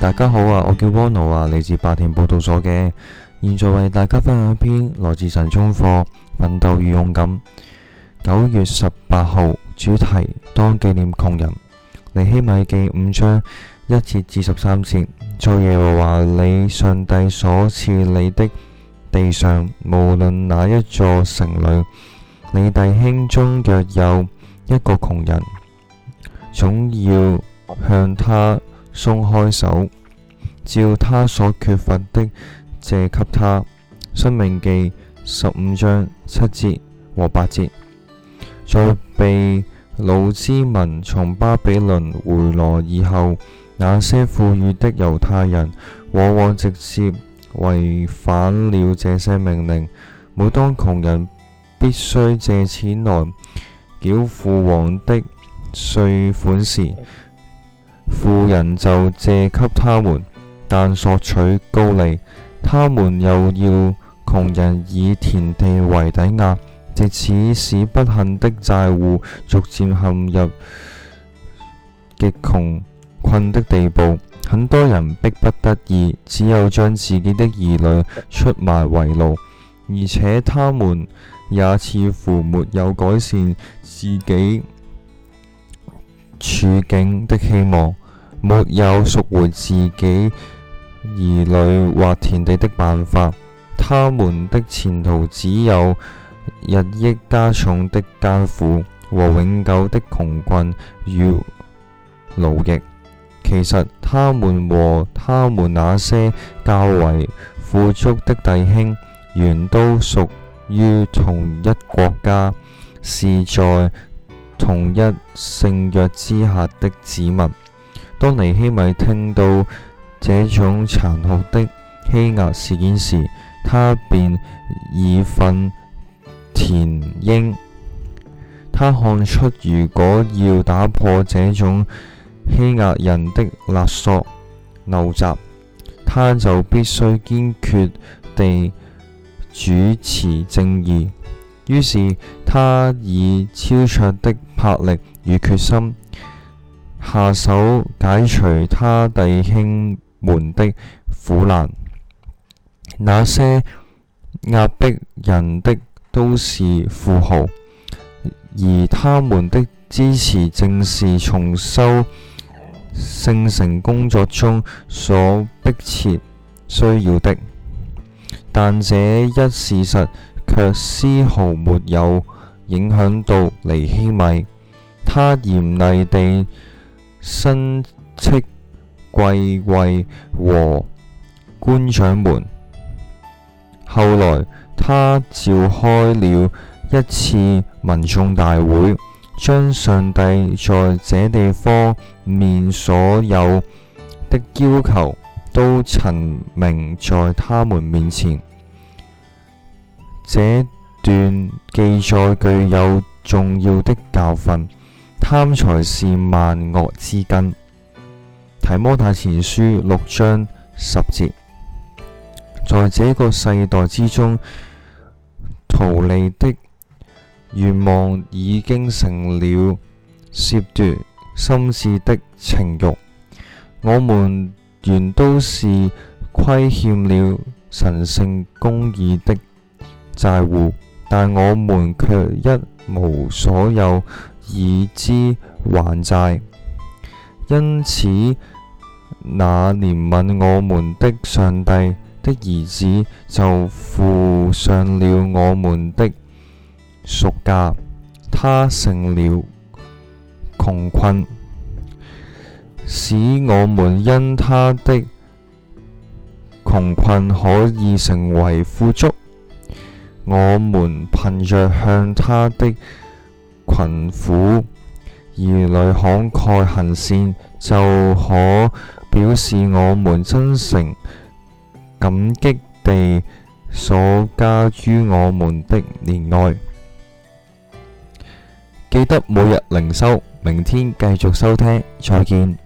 大家好啊，我叫蝸牛啊，嚟自白田報道所嘅，現在為大家分享一篇來自神中課《奮鬥與勇敢》九月十八號，主題當紀念窮人，尼希米記五章一節至十三節。在耶和華你上帝所賜你的地上，無論哪一座城裏，你弟兄中若有一個窮人，總要向他。鬆開手，照他所缺乏的借給他。《申命記》十五章七節和八節，在被擄之民從巴比倫回來以後，那些富裕的猶太人往往直接違反了這些命令。每當窮人必須借錢來繳付王的稅款時，富人就借給他們，但索取高利；他們又要窮人以田地為抵押，藉此使不幸的債戶逐漸陷入極窮困的地步。很多人逼不得已，只有將自己的兒女出賣為奴，而且他們也似乎沒有改善自己處境的希望，沒有贖回自己兒女或田地的辦法，他們的前途只有日益加重的艱苦和永久的窮困與勞役。其實，他們和他們那些較為富足的弟兄，原都屬於同一國家，是在同一聖約之下的子民。當尼希米聽到這種殘酷的欺壓事件時，他便義憤填膺。他看出，如果要打破這種欺壓人的勒索、陋習，他就必須堅決地主持正義。於是，他以超卓的魄力與決心下手解除他弟兄們的苦難。那些壓迫人的都是富豪，而他們的支持正是重修聖城工作中所迫切需要的。但這一事實，卻絲毫沒有影響到尼希米，他嚴厲地申斥貴胄和官長們。後來，他召開了一次民眾大會，將上帝在這地方面所有的要求都陳明在他們面前。這段記載具有重要的教訓，貪財是萬惡之根。提摩太前書六章十節，在這個世代之中，圖利的願望已經成了涉奪心智的情慾，我們原都是虧欠了神聖公義的。債但我們卻一無所有以之還債。因此，那憐憫我們的上帝的兒子就付上了我們的贖價，他成了窮困，使我們因他的窮困可以成為富足。我們憑着向他的窮苦兒女慷慨行善，就可表示我們真誠感激地所加於我們的憐愛。記得每日靈修，明天繼續收聽，再見。